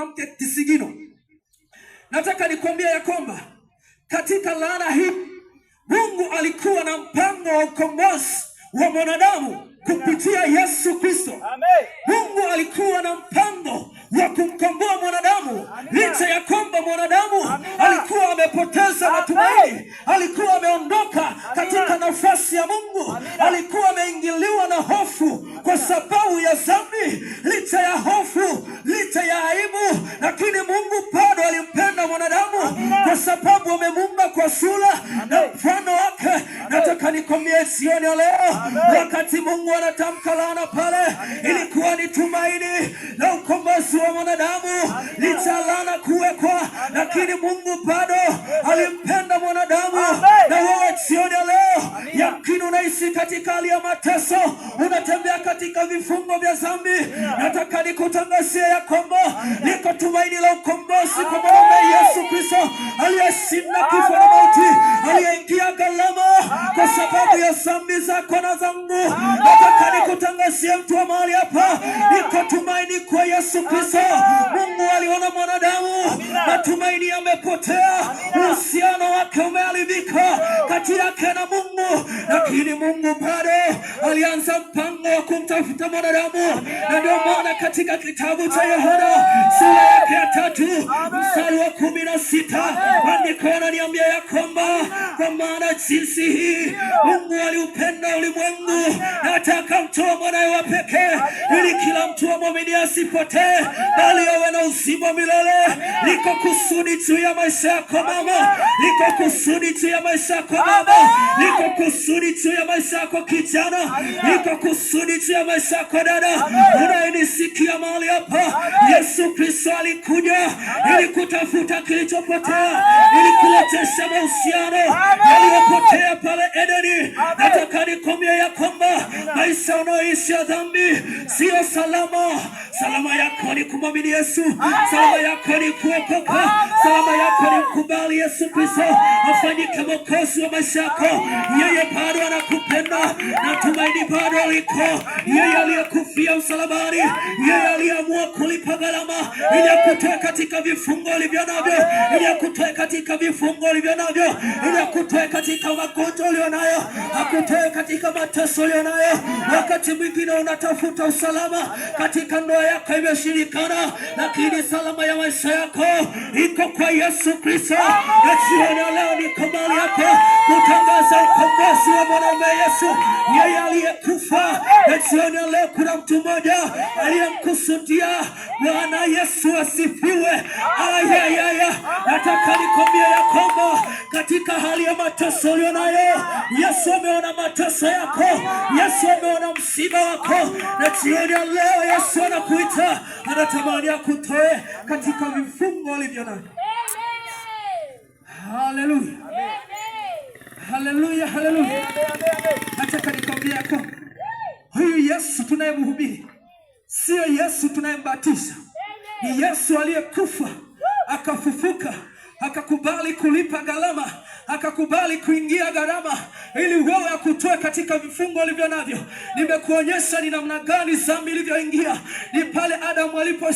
mwanamke Kisigino, nataka nikuambia ya kwamba katika laana hii Mungu alikuwa na mpango wa ukombozi wa mwanadamu kupitia Yesu Kristo. Mungu alikuwa na mpango wa kumkomboa mwanadamu licha ya kwamba mwanadamu alikuwa amepoteza matumaini, alikuwa ameondoka katika nafasi ya Mungu alikuwa ameingiliwa na hofu kwa sababu ya dhambi, licha ya hofu, licha ya aibu lakini Mungu bado alimpenda mwanadamu kwa sababu amemuumba kwa sura na mfano wake. Nataka nikomie sioni leo, wakati Mungu anatamka laana pale, ilikuwa ni tumaini la ukombozi wa mwanadamu, licha laana kuwekwa, lakini Mungu bado alimpenda mwanadamu. Na wewe sioni leo Yamkini unaishi katika hali ya mateso, unatembea katika vifungo vya dhambi. Nataka nikutangazia ya kwamba liko tumaini la ukombozi kwa Bwana Yesu Kristo aliyeshinda kifo na mauti, aliyeingia gharama kwa sababu ya dhambi zako na zangu. Nataka nikutangazia mtu wa mahali hapa, liko tumaini kwa Yesu Kristo. Mungu aliona mwanadamu, matumaini yamepotea, uhusiano lakini Mungu bado alianza mpango wa kumtafuta mwanadamu, na ndio maana katika kitabu cha Yohana sura yake ya tatu mstari wa kumi na sita andiko ananiambia ya kwamba kwa maana jinsi hii Mungu aliupenda ulimwengu hata akamtoa mwanawe wa pekee, ili kila mtu amwamini asipotee, bali awe na uzima milele. Liko kusudi juu ya maisha yako mama, liko kusudi juu ya maisha yako mama, liko kusudi juu ya maisha yako kijana, iko kusudi juu ya maisha yako dada, unayenisikia mahali hapa. Yesu Kristo alikuja ili kutafuta kilichopotea, ili kurejesha mahusiano yaliyopotea pale Edeni. Nataka nikomie ya kwamba maisha unayoishi ya dhambi siyo salama. Salama yako ni kumwamini Yesu, salama yako ni kuokoka, salama yako ni kubali Yesu Kristo afanyike mwokozi wa maisha yako. Yeye bado anakupenda na tumaini bado liko. Yeye aliyekufia msalabani, yeye aliamua kulipa gharama ili akutoe katika vifungo ulivyo navyo, ili akutoe katika vifungo ulivyo navyo, ili akutoe katika magonjwa ulionayo, akutoe katika mateso ulionayo. Wakati mwingine unatafuta usalama katika ndoa yako imeshirikana, lakini salama ya maisha yako iko kwa Yesu Kristo. Na jioni leo niko mahali hapa kutangaza ukombozi wa mwanaume Yesu, yeye aliyekufa. Na jioni leo kuna mtu mmoja aliyemkusudia. Bwana Yesu asifiwe! Ayayaya! nataka nikwambie ya kwamba katika hali ya mateso ulionayo, Yesu ameona mateso yako, Yesu ameona msiba wako, na jioni ya leo Yesu anakuita, anatamani akutoe katika vifungo alivyonavyo. Haleluya, haleluya, haleluya! Nataka nikwambie ya kwamba huyu Yesu tunayemhubiri siyo Yesu tunayembatiza, ni Yesu aliyekufa akafufuka akakubali kulipa gharama, akakubali kuingia gharama ili wewe akutoe katika vifungo ulivyo navyo. Nimekuonyesha ni namna gani dhambi ilivyoingia, ni pale Adamu alipo